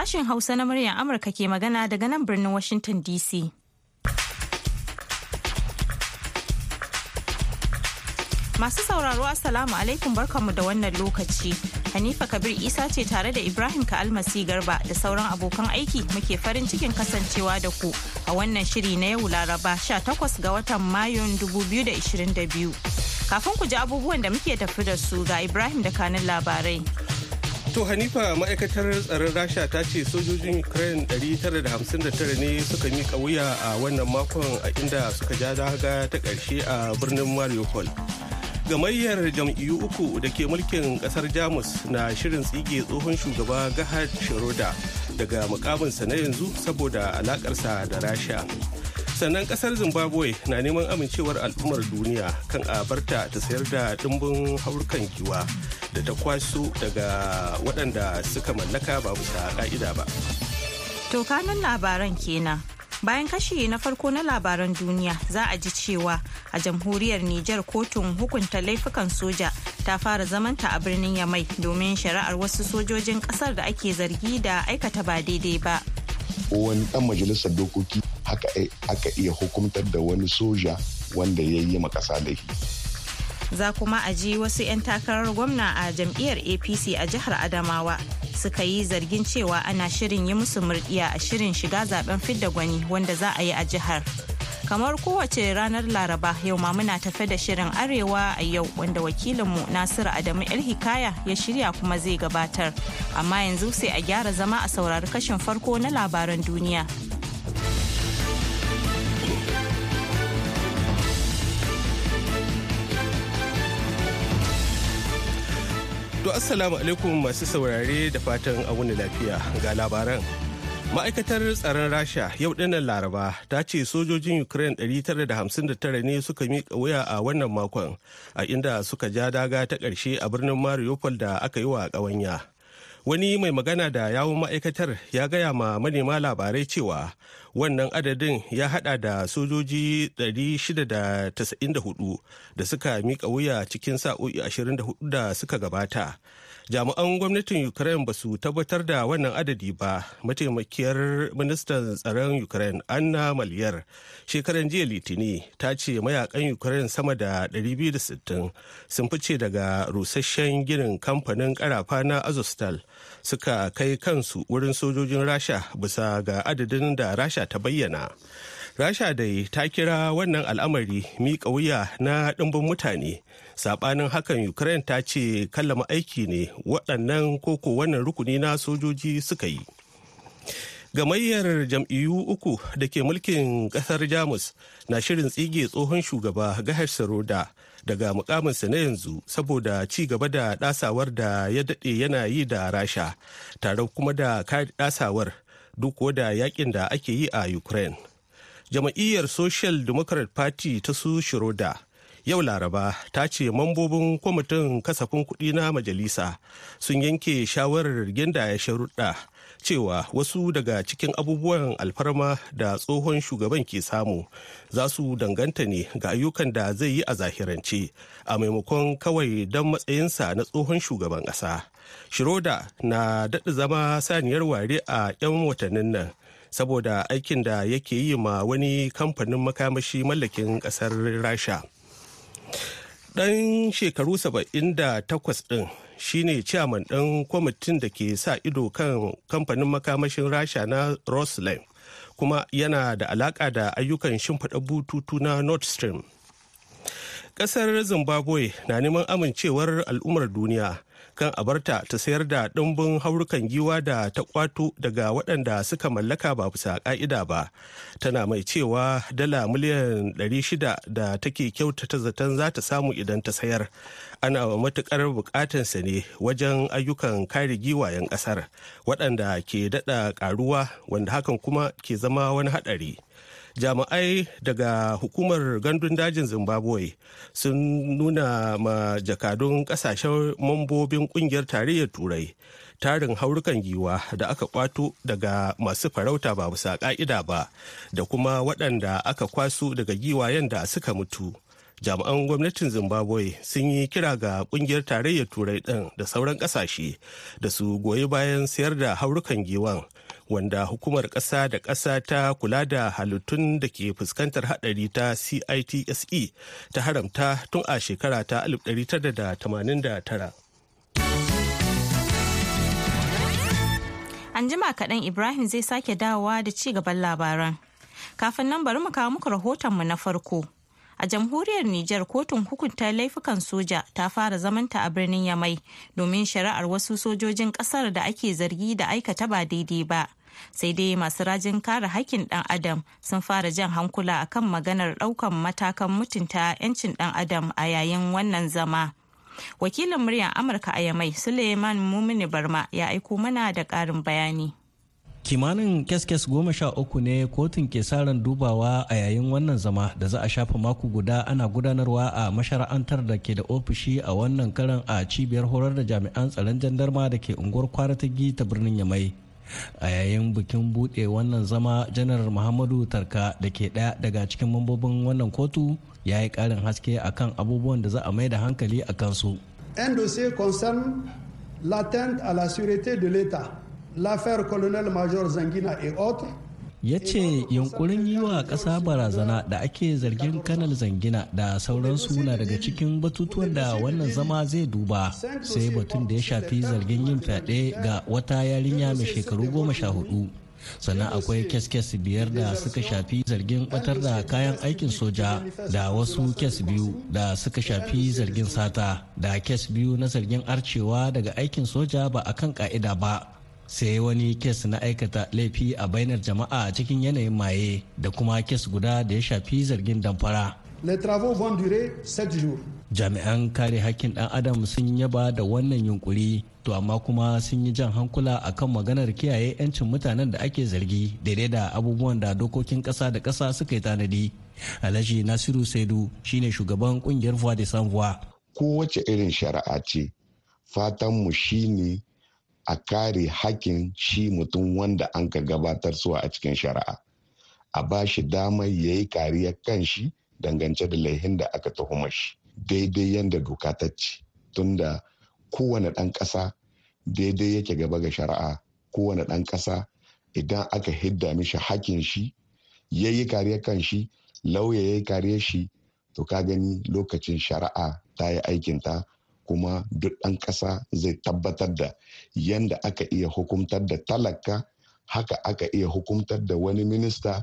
Sashen Hausa na muryar Amurka ke magana daga nan birnin Washington DC. Masu sauraro Assalamu alaikum barkanmu da wannan lokaci. Hanifa Kabir Isa ce tare da Ibrahim Ka'almasi Garba da sauran abokan aiki muke farin cikin kasancewa da ku a wannan shiri na yau Laraba 18 ga watan Mayun 2022. Kafin ku ji abubuwan da muke tafi da su ga Ibrahim da kanin labarai. To Hanifa ma'aikatar tsaron Rasha ta ce sojojin Ukraine 959 ne suka mika wuya a wannan makon a inda suka ja daga ta ƙarshe a birnin Mariupol. Gamayyar jam'iyyu uku da ke mulkin ƙasar Jamus na shirin tsige tsohon shugaba Gahad Shiroda daga mukaminsa na yanzu saboda alakarsa da Rasha. sannan kasar zimbabwe na neman amincewar al'ummar duniya kan a barta ta sayar da dimbin haurukan giwa da ta kwaso daga waɗanda suka mallaka ba bisa ka'ida ba. To kanan labaran kenan. Bayan kashi na farko na labaran duniya za a ji cewa a jamhuriyar Nijar kotun hukunta laifukan soja ta fara zamanta a birnin Yamai domin shari'ar wasu sojojin kasar da ake zargi da aikata ba daidai ba. Wani ɗan majalisar dokoki haka eh, aka iya hukumtar da wani soja wanda ya yi da laifi. za kuma a ji wasu 'yan takarar gwamna a jam'iyyar apc a jihar adamawa suka yi zargin cewa ana shirin yi musu murdiya a shirin shiga zaben fidda gwani wanda za a yi a jihar kamar kowace ranar laraba yau ma muna tafe da shirin arewa a yau wanda wakilinmu nasiru adamu hikaya ya shirya kuma zai gabatar amma yanzu sai a gyara zama a saurari kashin farko na labaran duniya To assalamu alaikum masu saurare da fatan a wani lafiya ga labaran. Ma'aikatar tsaron Rasha yau dinnan Laraba ta ce sojojin Ukraine 959 ne suka miƙa wuya a wannan makon a inda suka ja daga ta ƙarshe a birnin Mariupol da aka yi wa ƙawanya. wani mai magana da yawun ma'aikatar ya gaya ma manema labarai cewa wannan adadin ya hada da sojoji 694 da suka mika wuya cikin sa'o'i 24 da suka gabata jami'an gwamnatin ukraine ba su tabbatar da wannan adadi ba mataimakiyar ministan tsaron ukraine anna maliyar shekaran jiya litini ta ce mayakan ukraine sama da 260 sun fice daga rusasshen ginin kamfanin karafa na azostal suka kai kansu wurin sojojin rasha bisa ga adadin da rasha ta bayyana rasha dai ta kira wannan al'amari miƙa wuya na ɗimbin mutane saɓanin hakan ukraine ta ce kallama aiki ne waɗannan koko wannan rukuni na sojoji suka yi gamayyar jam'iyyu uku da ke mulkin ƙasar jamus na shirin tsige tsohon shugaba gahar saroda daga mukaminsa na yanzu saboda ci gaba da ɗasawar da ya daɗe yana yi da rasha tare kuma da ɗasawar duk da yakin da ake yi a ukraine jama'iyyar social democrat party ta su shiroda yau laraba ta ce mambobin kwamitin kasafin kuɗi na majalisa sun yanke shawarar ginda ya sharuɗa cewa wasu daga cikin abubuwan alfarma da tsohon shugaban ke samu za su danganta ne ga ayyukan da zai yi a zahirance a maimakon kawai don matsayinsa na tsohon shugaban ƙasa shiroda na daɗa zama saniyar ware a 'yan watannin nan saboda aikin da yake yi ma wani kamfanin makamashi mallakin kasar rasha ɗan shekaru 78 ɗin shine chairman ɗan kwamitin da ke sa ido kan kamfanin makamashin rasha na roslyn kuma yana da alaƙa da ayyukan shimfiɗa bututu na nord stream ƙasar zimbabwe na neman amincewar al'ummar duniya kan a barta ta sayar da ɗumbin haurukan giwa da ta kwato daga waɗanda suka mallaka ba bisa ƙa'ida ba tana mai cewa dala miliyan 600 da take kyautata zaton za ta samu idan ta sayar ana matuƙar sa ne wajen ayyukan kare giwayen ƙasar waɗanda ke daɗa ƙaruwa wanda hakan kuma ke zama wani haɗari. jami'ai daga hukumar gandun dajin zimbabwe sun nuna ma jakadun kasashen mambobin kungiyar tarayyar turai tarin haurukan giwa da aka kwato daga masu farauta ba bisa ka'ida ba da kuma waɗanda aka kwaso daga giwayen da suka mutu jami'an gwamnatin zimbabwe sun yi kira ga kungiyar tarayyar turai ɗin da sauran ƙasashe da su goyi bayan sayar da haurukan giwan wanda hukumar ƙasa da ƙasa ta kula da halittun da ke fuskantar haɗari ta CITSE ta haramta tun a shekara ta 1989. An jima kaɗan Ibrahim zai sake dawowa da ci gaban labaran. Kafin nan bari mu kawo muku rahotonmu na farko. a jamhuriyar Nijar kotun hukunta laifukan soja ta fara zamanta a birnin Yamai domin shari'ar wasu sojojin ƙasar da ake zargi da aikata ba daidai ba sai dai masu rajin kare hakkin ɗan adam sun fara jan hankula akan maganar ɗaukan matakan mutunta 'yancin ɗan adam a yayin wannan zama wakilin muryar amurka a yamai suleiman mumini barma ya aiko mana da karin bayani kimanin keskes goma sha uku ne kotun ke saran dubawa a yayin wannan zama da za a shafa mako guda ana gudanarwa a mashara'antar da ke da ofishi a wannan karan a cibiyar horar da jami'an tsaron jandarma da ke unguwar kwara ta birnin yamai a yayin bikin buɗe wannan zama janar muhammadu tarka da ke ɗaya daga cikin mambobin wannan kotu ya yi ƙarin haske akan abubuwan da za a mai da hankali a kansu un dossier concerne l'atteinte à la sûreté de l'état l'affaire colonel major zangina et autres ya ce yunkurin yi wa ƙasa barazana da ake zargin kanal zangina da sauransu na daga cikin batutuwan da wannan zama zai duba sai batun da ya shafi zargin yin fyaɗe ga wata yarinya mai shekaru goma sha hudu sannan akwai kes-kes biyar da suka shafi zargin batar da kayan aikin soja da wasu kes biyu da suka shafi zargin sata da kes biyu na zargin arcewa daga aikin soja ba a kan ka'ida ba sai wani kes na aikata laifi a bainar jama'a cikin yanayin maye da kuma kes guda da ya shafi zargin damfara. Jami'an kare hakkin ɗan adam sun yaba da wannan yunkuri to amma kuma sun yi jan hankula akan maganar kiyaye 'yancin mutanen da ake zargi daidai da abubuwan da dokokin ƙasa da ƙasa suka yi tanadi. Alhaji Nasiru Saidu shine shugaban kungiyar Voix de Sanvoix. Kowace irin shari'a ce fatanmu shine a kare hakkin shi mutum wanda an ka gabatar suwa a cikin shari'a a ba shi damar ya yi kariyar shi dangance da laihin da aka tuhuma shi daidai yadda doka ta ce tunda kowane ɗan ƙasa daidai yake gaba ga shari'a kowane ɗan ƙasa idan aka hidda mishi hakkin shi ya yi kariyar kanshi lauya ya yi kariyar shi to ka gani lokacin shari'a ta yi aikinta kuma duk ɗan ƙasa zai tabbatar da yadda aka iya hukumtar da talaka haka aka iya hukumtar da wani minista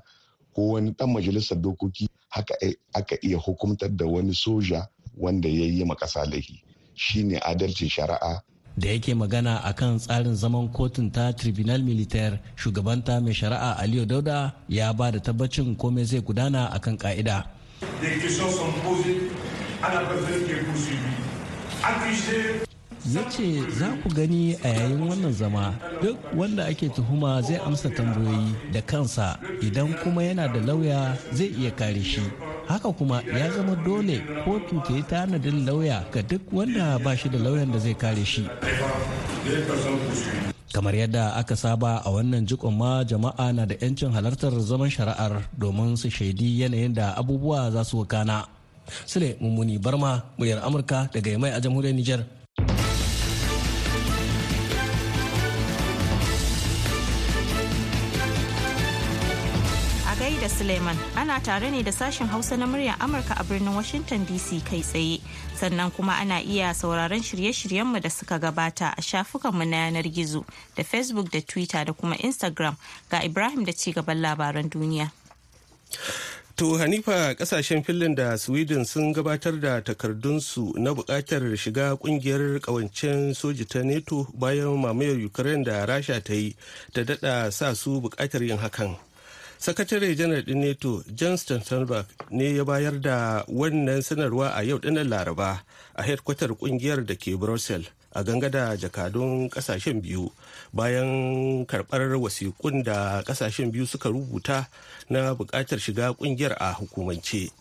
ko wani ɗan majalisar dokoki haka aka iya hukumtar da wani soja wanda ya yi makasa laifi shine adalcin shari'a da yake magana a kan tsarin zaman kotun ta tribunal militar shugabanta mai shari'a aliyu dauda ya ba da tabbacin komai zai gudana a kan ka'ida ya ce za ku gani a yayin wannan zama duk wanda ake tuhuma zai amsa tambayoyi da kansa idan kuma yana da lauya zai iya kare shi haka kuma ya zama dole kotu ta yi tanadin lauya ga duk wanda ba shi da lauyan da zai kare shi kamar yadda aka saba a wannan jikon ma jama'a na da 'yancin halartar zaman shari'ar domin su shaidi yanayin da abubuwa za su wakana. Sule Mummuni Barma, muryar Amurka daga Yamai a jamhuriyar Nijar. da Suleiman ana tare ne da sashen Hausa na muryar Amurka a birnin Washington DC kai tsaye. Sannan kuma ana iya sauraron shirye-shiryenmu da suka gabata a shafukanmu na yanar gizo da Facebook da Twitter da kuma Instagram ga Ibrahim da cigaban labaran duniya. To Hanifa kasashen filin da Sweden sun gabatar da takardunsu na bukatar shiga kungiyar kawancen soji ta NATO bayan mamayar Ukraine da Rasha ta yi ta dada sa su bukatar yin hakan. Sakatare janar din NATO John Stoltenberg ne ya bayar da wannan sanarwa a yau dinar Laraba a hedkwatar kungiyar da ke Brussels. a ganga da jakadun kasashen biyu bayan karɓar wasiƙun da kasashen biyu suka rubuta na buƙatar shiga ƙungiyar a hukumance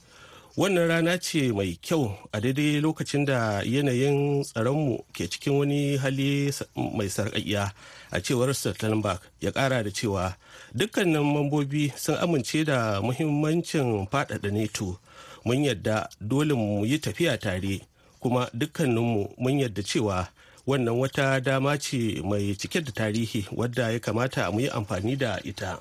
wannan rana ce mai kyau a daidai lokacin da yanayin tsaronmu ke cikin wani hali mai sarƙaƙiya a cewar Stoltenberg ya ƙara da cewa dukkanin mambobi sun amince da muhimmancin faɗaɗa neto mun yadda dole mu yi tafiya tare kuma dukkaninmu mun yadda cewa wannan wata dama ce mai cike da tarihi wadda ya kamata mu yi amfani da ita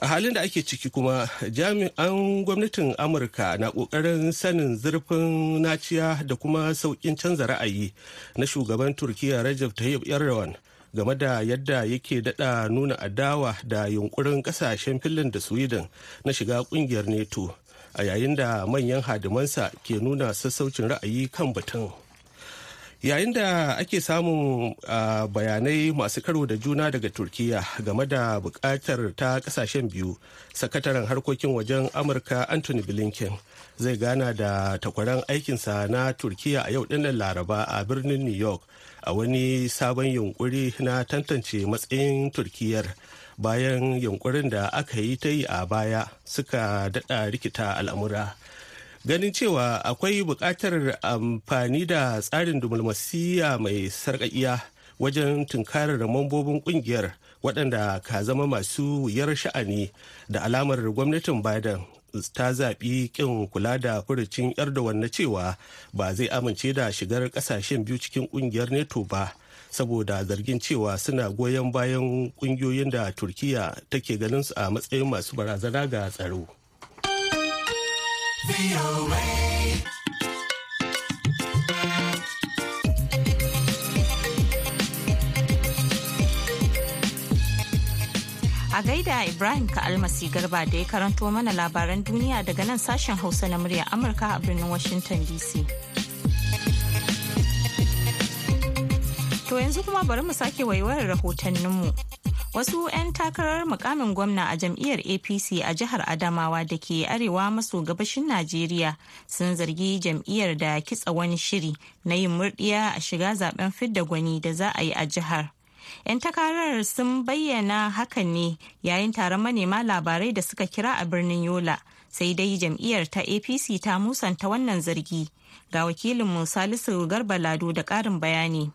a halin da ake ciki kuma jami'an gwamnatin amurka na kokarin sanin zurfin naciya da kuma saukin canza ra'ayi na shugaban turkiya rajab tayyip erdogan game da yadda yake dada nuna adawa da yunkurin kasashen filin da sweden na shiga kungiyar neto a yayin da manyan hadimansa ke nuna sassaucin ra'ayi kan batun. yayin da ake samun bayanai masu karo da juna daga turkiya game da bukatar ta kasashen biyu sakataren harkokin wajen amurka anthony blinken zai gana da takwaran aikinsa na turkiya a yau dinnan laraba a birnin new york a wani sabon yunkuri na tantance matsayin turkiyar bayan yunkurin da aka yi ta yi a baya suka daɗa rikita al'amura ganin cewa akwai buƙatar amfani da tsarin dumulmasiya mai sarƙaƙiya wajen tunkarar mambobin ƙungiyar waɗanda ka zama masu wuyar sha'ani da alamar gwamnatin biden ta zaɓi ƙin kula da furucin erdogan na cewa ba zai amince da shigar ƙasashen biyu cikin ƙungiyar neto ba saboda zargin cewa suna goyon bayan ƙungiyoyin da turkiya take ganin su a matsayin masu barazana ga tsaro A gaida Ibrahim ka almasi Garba da ya karanto mana labaran duniya daga nan sashen Hausa na murya Amurka a birnin Washington DC. To yanzu kuma bari mu sake waiwayar rahotanninmu. wasu 'yan takarar mukamin gwamna a jam'iyyar apc a jihar adamawa da ke arewa maso gabashin najeriya sun zargi jam'iyyar da kitsa wani shiri na yin murdiya a shiga zaben fidda gwani da za a yi a jihar 'yan takarar sun bayyana hakan ne yayin taron manema labarai da suka kira a birnin yola sai dai jam'iyyar ta apc ta musanta wannan zargi ga wakilin salisu garba lado da ƙarin bayani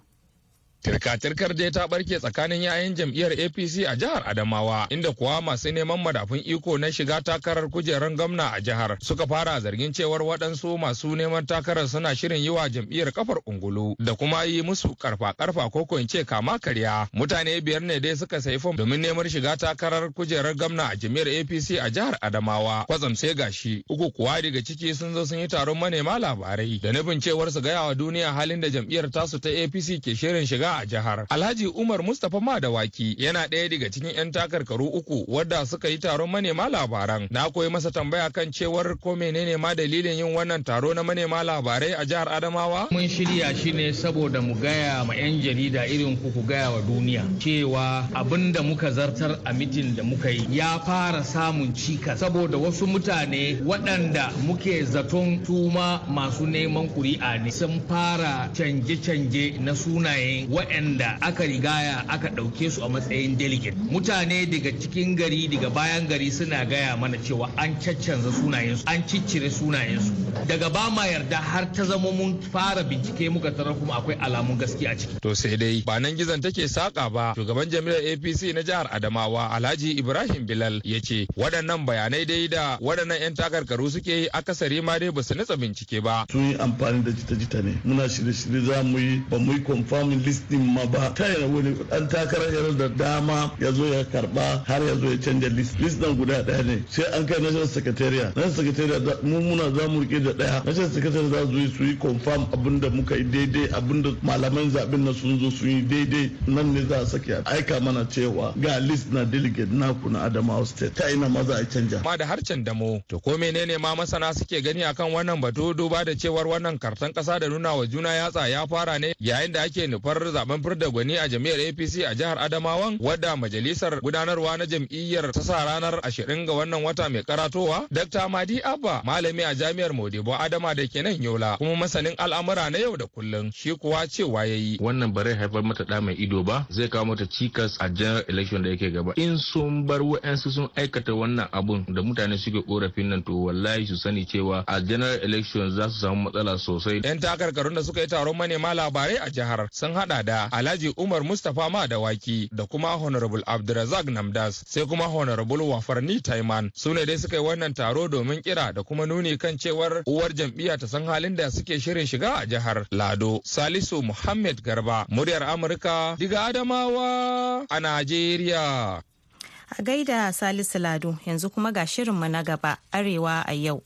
Tirka-tirkar dai ta barke tsakanin ya'yan jam'iyyar APC a jihar Adamawa, inda kuwa masu neman madafun iko na shiga takarar kujerar gwamna a jihar suka fara zargin cewar waɗansu masu neman takarar suna shirin yi wa jam'iyyar kafar ungulu da kuma yi musu karfa-karfa ko ko ce kama karya. Mutane biyar ne dai suka sayi fom domin neman shiga takarar kujerar gwamna a jam'iyyar APC a jihar Adamawa. Kwatsam sai gashi uku kuwa daga ciki sun zo sun yi taron manema labarai da nufin cewar su gaya wa duniya halin da jam'iyyar tasu ta APC ke shirin shiga a jihar. Alhaji Umar Mustapha Madawaki yana ɗaya daga cikin 'yan takarkaru uku wadda suka yi taron manema labaran. Na koyi masa tambaya kan cewar ko menene ma dalilin yin wannan taro na manema labarai a jihar Adamawa? Mun shirya shi ne saboda mu gaya ma 'yan jarida irin ku ku gaya wa duniya cewa abin da muka zartar a mitin da muka yi ya fara samun cikas saboda wasu mutane waɗanda muke zaton tuma masu neman kuri'a ne sun fara canje-canje na sunayen waɗanda aka rigaya aka ɗauke su a matsayin delegate mutane daga cikin gari daga bayan gari suna gaya mana cewa an caccanza sunayensu an ciccire sunayensu daga ba ma yarda har ta zama mun fara bincike muka tarar kuma akwai alamun gaskiya a ciki to sai dai ba nan gizon take saka ba shugaban jami'ar apc na jihar adamawa alhaji ibrahim bilal ya ce waɗannan bayanai dai da waɗannan 'yan takarkaru suke akasari ma dai ba su nitsa bincike ba sun yi amfani da jita-jita ne muna shirye-shirye za mu yi ba mu yi confirming list din ma ba ta yana wani dan takarar yana da dama ya zo ya karba har ya zo ya canja list list nan guda daya ne sai an kai national secretariat national secretariat mu muna za mu rike da daya national secretariat za su yi su yi confirm abin da muka yi daidai abin da malaman zabin na sun zo sun yi daidai nan ne za a saki aika mana cewa ga list na delegate na kuna Adamawa state ta ina ma za a canja ma da harcen mu to ko menene ma masana suke gani akan wannan batu duba da cewar wannan kartan kasa da nuna wa juna yatsa ya fara ne yayin da ake nufar zaben furda gwani a jami'ar APC a jihar Adamawan wadda majalisar gudanarwa na jam'iyyar ta sa ranar 20 ga wannan wata mai karatowa Dr. Madi Abba malami a jami'ar Modibo Adama da ke nan Yola kuma masanin al'amura na yau da kullun. shi kuwa cewa yayi wannan bare haifar mata da mai ido ba zai kawo mata cikas a general election da yake gaba in sun bar wa'ansu sun aikata wannan abun da mutane suke korafin nan to wallahi su sani cewa a general election za su samu matsala sosai yan takarkarun da suka yi taron manema labarai a jihar sun hada da Alhaji Umar Mustapha Madawaki da kuma Honorable Abdulrazak Namdas sai kuma Honorable Wafarni Taiman su ne dai suka yi wannan taro domin kira da kuma nuni kan cewar uwar jam'iyya ta san halin da suke shirin shiga a jihar Lado. Salisu Muhammad Garba muryar Amurka diga Adamawa a Najeriya. A gaida Salisu Lado yanzu kuma ga shirinmu na gaba Arewa a yau.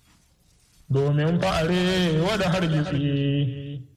Domin fa'are wada jiki.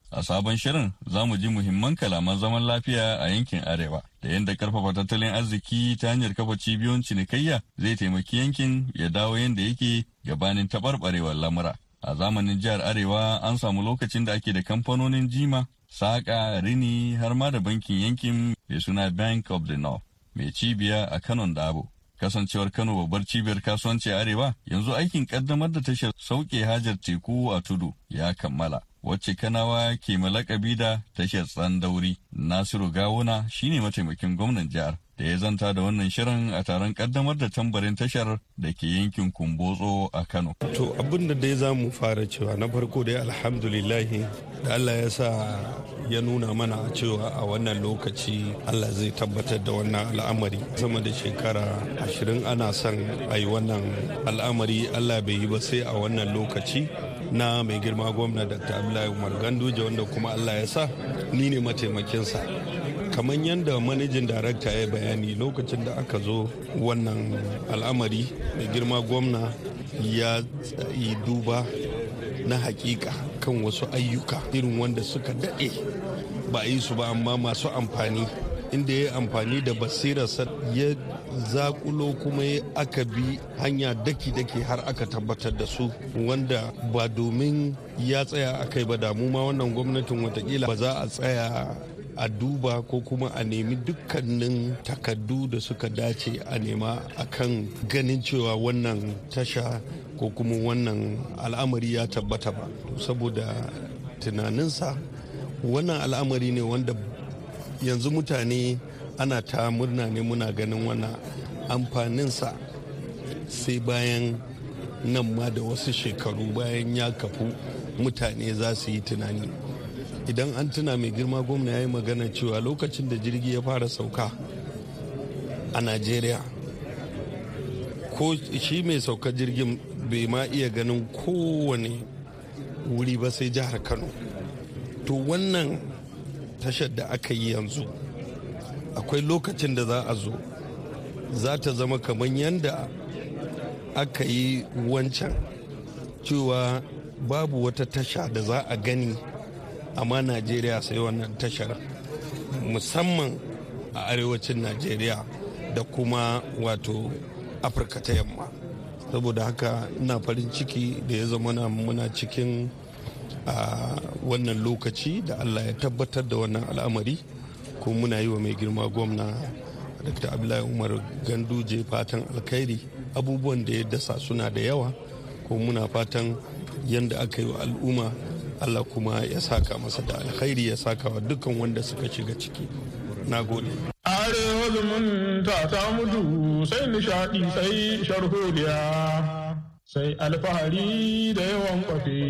A sabon shirin za mu ji muhimman kalaman zaman lafiya a yankin Arewa da yadda karfafa tattalin arziki ta hanyar kafa cibiyoyin cinikayya zai taimaki yankin ya dawo yadda yake gabanin taɓarɓarewar lamura. A zamanin jihar Arewa an samu lokacin da ake da kamfanonin jima, saƙa, rini har ma da bankin yankin mai suna Bank of the North mai cibiya a Kanon Dabo. Kasancewar Kano babbar cibiyar kasuwanci Arewa yanzu aikin kaddamar da tashar sauke hajar teku a tudu ya kammala. wacce kanawa ke malakabi da tashar tsandauri nasiru gawuna shine mataimakin gwamnan jihar da ya zanta da wannan shirin a taron kaddamar da tambarin tashar da ke yankin kumbotso a kano to abin da dai za mu fara cewa na farko dai alhamdulillahi da allah ya sa ya nuna mana cewa a wannan lokaci allah zai tabbatar da wannan al'amari sama da shekara ashirin ana son a yi wannan al'amari allah bai yi ba sai a wannan lokaci na mai girma gwamna dr abdullahi umar ganduje wanda kuma allah ya sa ni ne mataimakinsa kamar yadda manajin darakta ya bayani lokacin da aka zo wannan al'amari mai girma gwamna ya tsayi duba na hakika kan wasu ayyuka irin wanda suka daɗe ba yi su ba amma masu amfani inda ya yi amfani da basirarsa ya zakulo kuma aka bi hanya daki-daki har aka tabbatar da su wanda ba domin ya tsaya a kai ba damu ma wannan gwamnatin watakila ba za a tsaya a duba ko kuma a nemi dukkanin takardu da suka dace a nema a kan ganin cewa wannan tasha ko kuma wannan al'amari ya tabbata ba saboda tunaninsa wannan al'amari ne wanda yanzu mutane ana ta murna ne muna ganin wannan amfaninsa sai bayan nan ma da wasu shekaru bayan ya kafu mutane za su yi tunani idan an tuna mai girma gwamna ya yi magana cewa lokacin da jirgi ya fara sauka a najeriya ko shi mai sauka jirgin bai ma iya ganin kowane wuri ba sai jihar kano to wannan tashar da aka yi yanzu akwai lokacin da za a zo za ta zama kamar yadda aka yi wancan cewa babu wata tasha da za a gani amma najeriya sai wannan tashar musamman a arewacin najeriya da kuma wato afirka ta yamma saboda haka ina farin ciki da ya zama muna cikin a wannan lokaci da allah ya tabbatar da wannan al'amari ko muna yi wa mai girma gwamna dr abdullahi umar je fatan alkhairi abubuwan da ya dasa suna da yawa ko muna fatan yadda aka yi wa al'umma Allah kuma ya saka masa da alkhairi ya saka wa dukkan wanda suka shiga ciki na gode arewa zumunta ta mutu sai nishaɗi sai sharholiya sai alfahari da yawan kwafe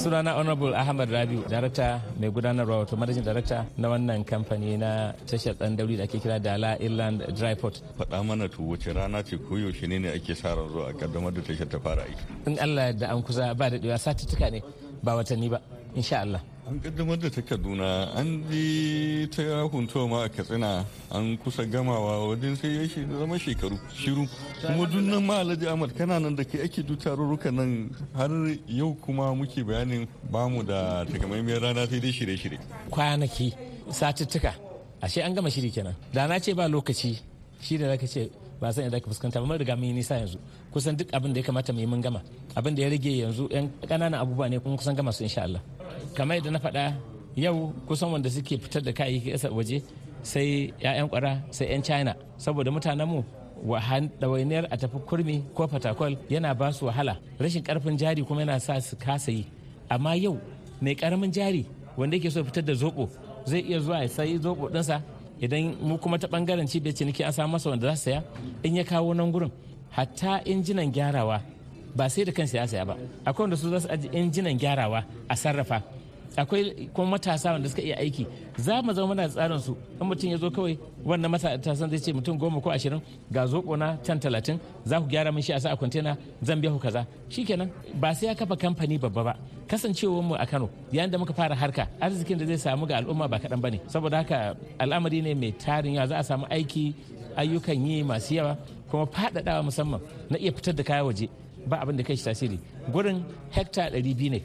sunana honorable ahmad rabiu darakta mai gudanarwa wato madajin darakta na wannan kamfani na tashar dan dauri da ake kira La inland dry port faɗa mana to wace rana ce ko yaushe ne ake sa ran zuwa kaddamar da tashar ta fara aiki in allah da an kusa ba daɗewa satuttuka ne ba watanni ba insha allah an kaddamar da ta kaduna an ji ta huntuwa ma a katsina an kusa gamawa wajen sai ya zama shekaru shiru kuma dunnan ma'alaji alhaji ahmad kana nan da kai ake duk tarurruka nan har yau kuma muke bayanin bamu da takamaimiyar rana sai dai shirye-shirye kwanaki satuttuka ashe an gama shiri kenan da na ce ba lokaci shi da zaka ce ba san yadda ka fuskanta ba mun riga mun yi nisa yanzu kusan duk abin da ya kamata mu yi mun gama abin da ya rage yanzu yan kananan abubuwa ne kuma kusan gama su insha Allah kamar yadda na faɗa yau kusan wanda suke fitar da kayayyaki ƙasa waje sai 'ya'yan kwara sai 'yan china saboda mutanenmu ɗawainiyar a tafi kurmi ko fatakwal yana ba su wahala rashin ƙarfin jari kuma yana sa su kasa yi amma yau mai ƙaramin jari wanda yake so fitar da zoɓo zai iya zuwa ya sayi zobo ɗinsa idan mu kuma ta bangaren cibiyar ciniki an samu masa wanda za su saya in ya kawo nan gurin hatta injinan gyarawa ba sai da kansa ya saya ba akwai wanda su za su aji injinan gyarawa a sarrafa akwai kuma matasa wanda suka iya aiki za mu zama muna tsarin su in mutum ya zo kawai wannan matasan zai ce mutum goma ko ashirin ga zoko na can talatin za ku gyara min shi a sa a kwantena zan biya ku kaza shikenan ba sai ya kafa kamfani babba ba kasancewar mu a Kano yayin da muka fara harka arzikin da zai samu ga al'umma ba kaɗan bane saboda haka al'amari ne mai tarin yawa za a samu aiki ayyukan yi masu yawa kuma faɗaɗawa musamman na iya fitar da kaya waje ba abin da kai shi tasiri gurin hekta 200 ne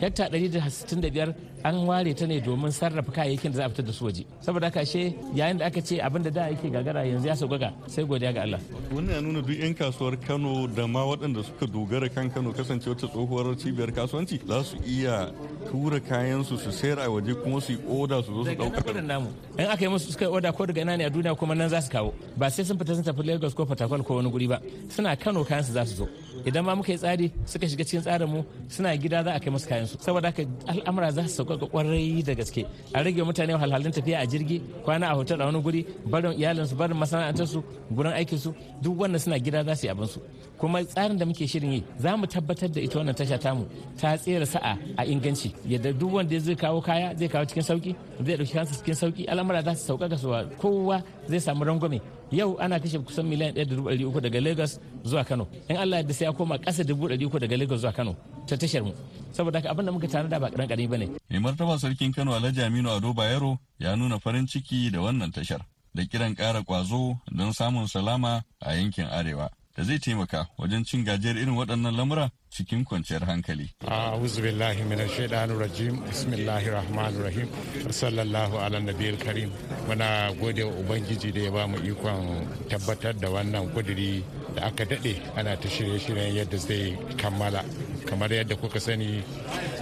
hekta 165 an ware ta ne domin sarrafa kayayyakin da za a fitar da su waje saboda haka she yayin da aka ce abin da da yake gagara yanzu ya sauƙaƙa sai godiya ga Allah wannan ya nuna duk 'yan kasuwar Kano da ma waɗanda suka dogara kan Kano kasance wata tsohuwar cibiyar kasuwanci za su iya tura kayan su su sayar a waje kuma su yi oda su zo su ɗauka Kano namu in aka yi musu suka oda ko daga ina ne a duniya kuma nan za su kawo ba sai sun fita sun tafi Lagos ko Port ko wani guri ba suna Kano kayan su za su zo idan ma muka yi tsari suka shiga cikin tsarin mu suna gida za a kai musu kayan iyayensu saboda haka al'amura za su sauƙaƙa kwarai da gaske a rage mutane wahalhalun tafiya a jirgi kwana a hotel a wani guri barin iyalinsu barin su gurin aikin su duk wannan suna gida za su yi abin su kuma tsarin da muke shirin yi za mu tabbatar da ita wannan tasha tamu ta tsere sa'a a inganci yadda duk wanda zai kawo kaya zai kawo cikin sauki zai dauki kansa cikin sauki al'amura za su sauƙaƙa su kowa zai samu rangwame yau ana kashe kusan miliyan 1.3 daga lagos zuwa kano in allah da sai ya koma kasa 1.3 daga lagos zuwa kano ta tashar mu saboda haka abin da muka da ba karan ba bane mai martaba sarkin kano alhaji aminu ado bayero ya nuna farin ciki da wannan tashar da kiran kara kwazo don samun salama a yankin arewa da zai taimaka wajen cin gajiyar irin waɗannan lamura cikin kwanciyar hankali. A'udhu billahi minash shaitanir rajim. Bismillahir rahmanir rahim. Sallallahu ala nabiyil karim. Muna gode ubangiji da ya ba mu ikon tabbatar da wannan kuduri da aka dade ana ta shirye-shiryen yadda zai kammala. kamar yadda kuka sani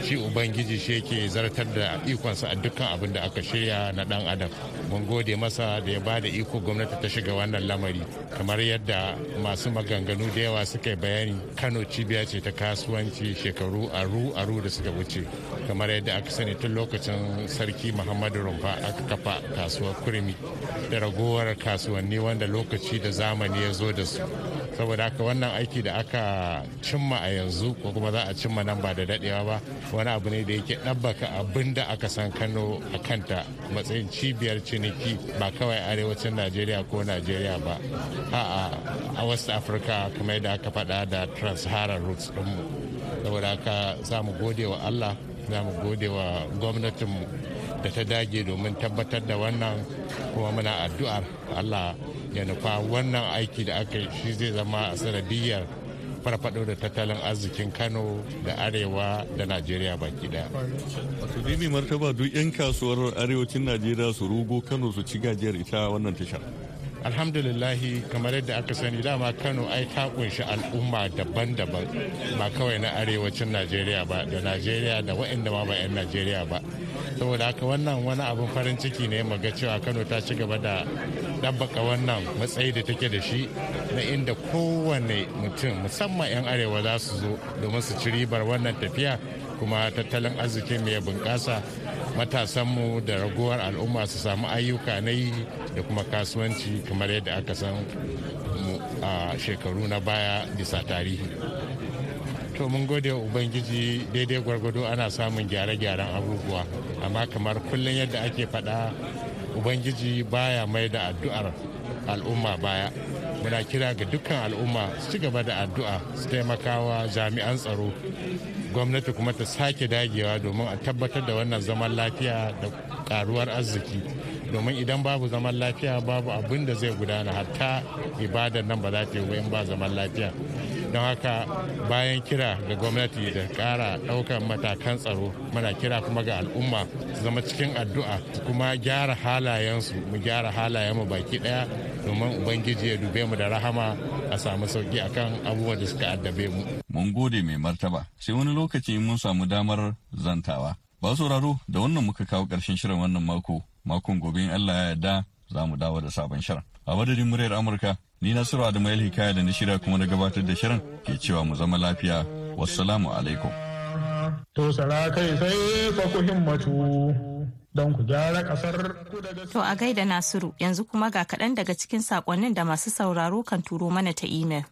shi ubangiji shi yake zartar da ikonsa a dukkan abin da aka shirya na dan adam mun gode masa da ya ba da iko gwamnati ta shiga wannan lamari kamar yadda masu maganganu da yawa suka bayani kano cibiya ce ta kasuwanci shekaru aru aru da suka wuce kamar yadda aka sani tun lokacin sarki muhammadu rumfa aka kafa kasuwar kurmi da ragowar kasuwanni wanda lokaci da zamani ya zo da su saboda haka wannan aiki da aka cimma a yanzu ko kuma za a cimma nan ba da dadewa ba wani abu ne da yake ɗabbaka abin da aka san kano a kanta matsayin cibiyar ciniki ba kawai arewacin najeriya ko najeriya ba a west africa kamar yadda aka faɗa da transharan roots ɗinmu saboda aka za mu gode wa allah za mu gode wa gwamnatinmu da ta dage domin tabbatar da wannan kuma muna addu'ar allah ya nufa wannan aiki da aka yi shi zai zama a sanadiyar farfado da tattalin arzikin kano da arewa da najeriya baki daya wato martaba duk 'yan kasuwar arewacin najeriya su rugo kano su ci gajiyar ita wannan tashar alhamdulillahi kamar yadda aka sani dama kano ai ta kunshi al'umma daban-daban ba kawai na arewacin najeriya ba da najeriya da waɗanda ma ba 'yan najeriya ba saboda haka wannan wani abin farin ciki ne maga ga cewa kano ta ci gaba da ɗabbaka wannan matsayi da take da shi na inda kowane mutum musamman 'yan arewa za su zo domin su ci ribar wannan tafiya kuma tattalin arzikin mai bunƙasa matasanmu da raguwar al'umma su samu ayyuka na yi da kuma kasuwanci kamar yadda aka san a shekaru na baya bisa tarihi to mun gode wa ubangiji daidai gwargwado ana samun gyare-gyaren abubuwa amma kamar kullum yadda ake faɗa ubangiji baya mai da addu'ar al'umma baya muna kira ga dukkan al'umma su ci gaba da addu'a su taimakawa jami'an tsaro gwamnati kuma ta sake dagewa domin a tabbatar da wannan zaman lafiya da karuwar arziki domin idan babu zaman lafiya babu abin da zai gudana hatta ibadar nan ba za ta yi in ba zaman lafiya don haka bayan kira ga gwamnati da kara daukan matakan tsaro muna kira kuma ga al'umma su zama cikin addu'a kuma gyara halayensu mu gyara halayen mu baki daya domin ubangiji ya dube mu da rahama a samu sauki akan abubuwan da suka addabe mu mun gode mai martaba sai wani lokaci mun samu damar zantawa ba sauraro da wannan muka kawo karshen shirin wannan mako makon gobe in Allah ya yarda za mu dawo da sabon shirin a madadin muryar Amurka Ni Nasiru Adamu Hikaya da na shirya kuma na gabatar da shirin ke cewa mu zama lafiya. Wassalamu alaikum. To sara kai sai fa ku himmatu don ku gyara kasar To a gaida Nasiru yanzu kuma ga kaɗan daga cikin saƙonnin da masu sauraro kan turo mana ta imel.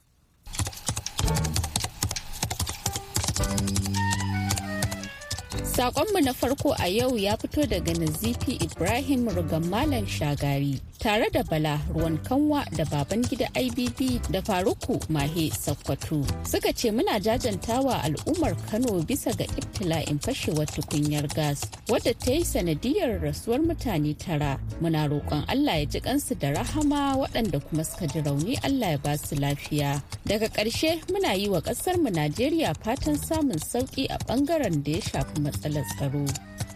Sakonmu na farko a yau ya fito daga Nazifi Ibrahim Rugamalan Shagari tare da Bala ruwan kanwa da baban gida IBB da Faruku Mahe Sakkwato. Suka ce muna jajantawa al'ummar Kano bisa ga ibtila'in fashewar tukunyar gas wadda ta yi sanadiyar rasuwar mutane tara. Muna roƙon Allah ya ji kansu da rahama waɗanda kuma suka ji rauni Allah ya ba su lafiya. Daga ƙarshe muna yi wa ƙasarmu Najeriya fatan samun sauƙi a ɓangaren da ya shafi matsalar tsaro.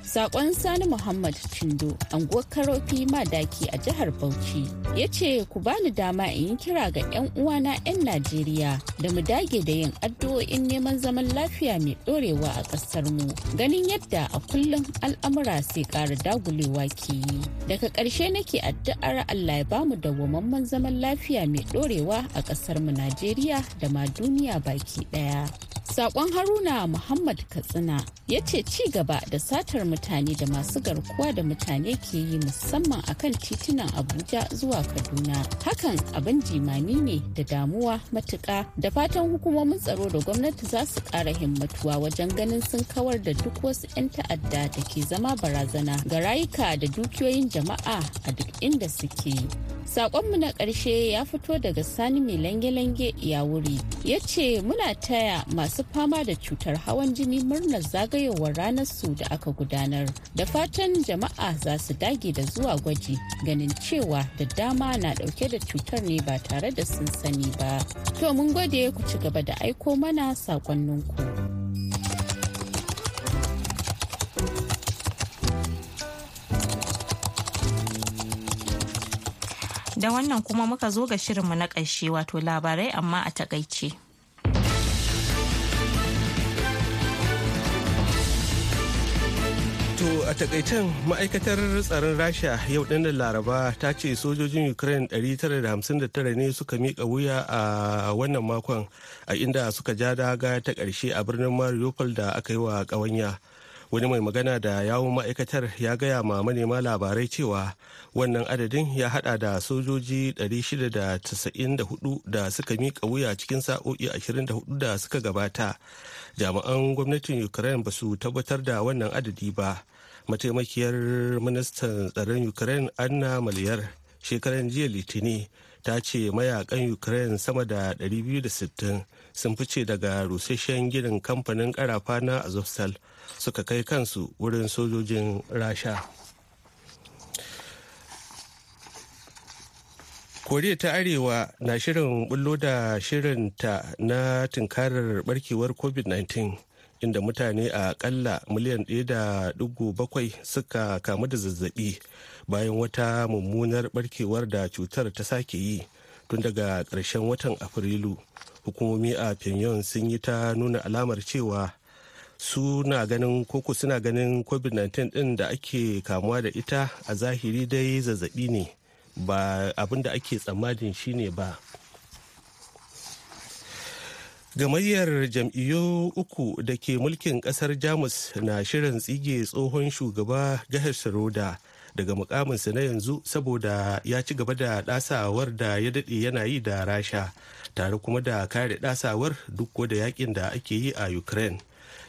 Sakon Sani Muhammad Tindo, anguwar Karofi Madaki a jihar Bauchi, ya ce ku bani dama in yi kira ga 'yan uwana 'yan Najeriya da mu dage da yin addu'o'in neman zaman lafiya mai ɗorewa a ƙasar mu. Ganin yadda a kullum al'amura sai ƙara dagulewa ke yi. Daga ƙarshe nake addu'ar Allah ya bamu da dawwamamman zaman lafiya mai ɗorewa a ƙasar mu Najeriya da ma duniya baki ɗaya. Sakon Haruna Muhammad Katsina ya ce ci gaba da satar mutane da masu garkuwa da mutane ke yi musamman a kan titunan Abuja zuwa Kaduna. Hakan abin jimami ne da damuwa matuka da fatan hukumomin tsaro da gwamnati za su ƙara himmatuwa wajen ganin sun kawar da duk wasu 'yan ta'adda da ke zama barazana ga rayuka da dukiyoyin jama'a a duk inda suke. Sakonmu na ƙarshe ya fito daga Sani mai lange-lange ya wuri. Ya ce muna taya masu masu fama da cutar hawan jini murnar zagayowar ranar su da aka gudanar da fatan jama'a za su dage da zuwa gwaji ganin cewa da dama na dauke da cutar ne ba tare da sun sani ba to mun gode ku ci gaba da aiko mana sakonninku. ku da wannan kuma muka zo ga shirinmu na ƙarshe wato labarai amma a takaice. To a takaicen ma'aikatar tsaron Rasha yau ɗin Laraba ta ce sojojin Ukraine 959 ne suka miƙa wuya a wannan makon a inda suka ja daga ta ƙarshe a birnin Mariupol da aka yi wa ƙawanya. Wani mai magana da yawun ma'aikatar ya gaya ma manema labarai cewa wannan adadin ya hada da sojoji 694 da suka miƙa wuya cikin sa'o'i 24 da suka gabata. Jami'an gwamnatin Ukraine ba su tabbatar da wannan adadi ba. mataimakiyar ministan tsaron ukraine anna maliyar shekaran jiya litini ta ce mayakan ukraine sama da 260 sun fice daga rusasshen ginin kamfanin karafa na azovstal suka kai kansu wurin sojojin rasha koriya ta arewa na shirin bullo da shirinta na tunkarar barkewar covid-19 inda mutane a kalla miliyan bakwai suka kamu da zazzabi bayan wata mummunar barkewar da cutar ta sake yi tun daga ƙarshen watan afrilu hukumomi a pyongyang sun yi ta nuna alamar cewa suna ganin koko suna ganin covid-19 din da ake kamuwa da ita a zahiri dai zazzabi ne ba abin da ake tsammanin shine ba gamayyar jam'iyyu uku da ke mulkin kasar jamus na shirin tsige tsohon shugaba jihar saroda daga mukaminsa na yanzu saboda ya ci gaba da dasawar da ya daɗe yana yi da rasha tare kuma da kare dasawar duk da yakin da ake yi a ukraine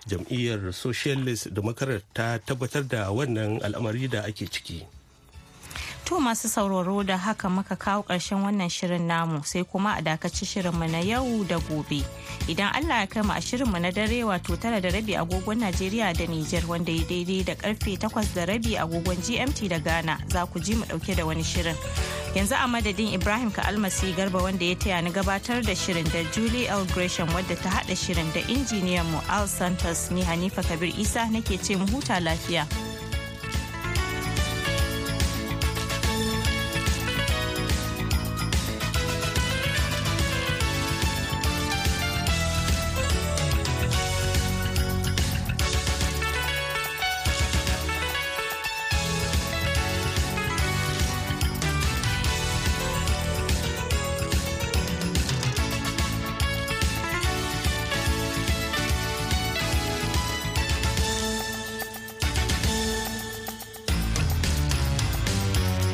jam'iyyar socialist democrat ta tabbatar da wannan al'amari da ake ciki To masu sauraro da haka muka kawo ƙarshen wannan shirin namu sai kuma a dakaci shirinmu na yau da gobe. Idan Allah ya kama a shirinmu na dare wato tara da rabi agogon Najeriya da Nijar wanda ya daidai da karfe takwas da rabi agogon GMT da Ghana za ku ji mu ɗauke da wani shirin. Yanzu a madadin Ibrahim ka almasi garba wanda ya taya ni gabatar da shirin da Julie L. Gresham wadda ta haɗa shirin da injiniyan mu Al Santos ni Hanifa Kabir Isa nake ce mu huta lafiya.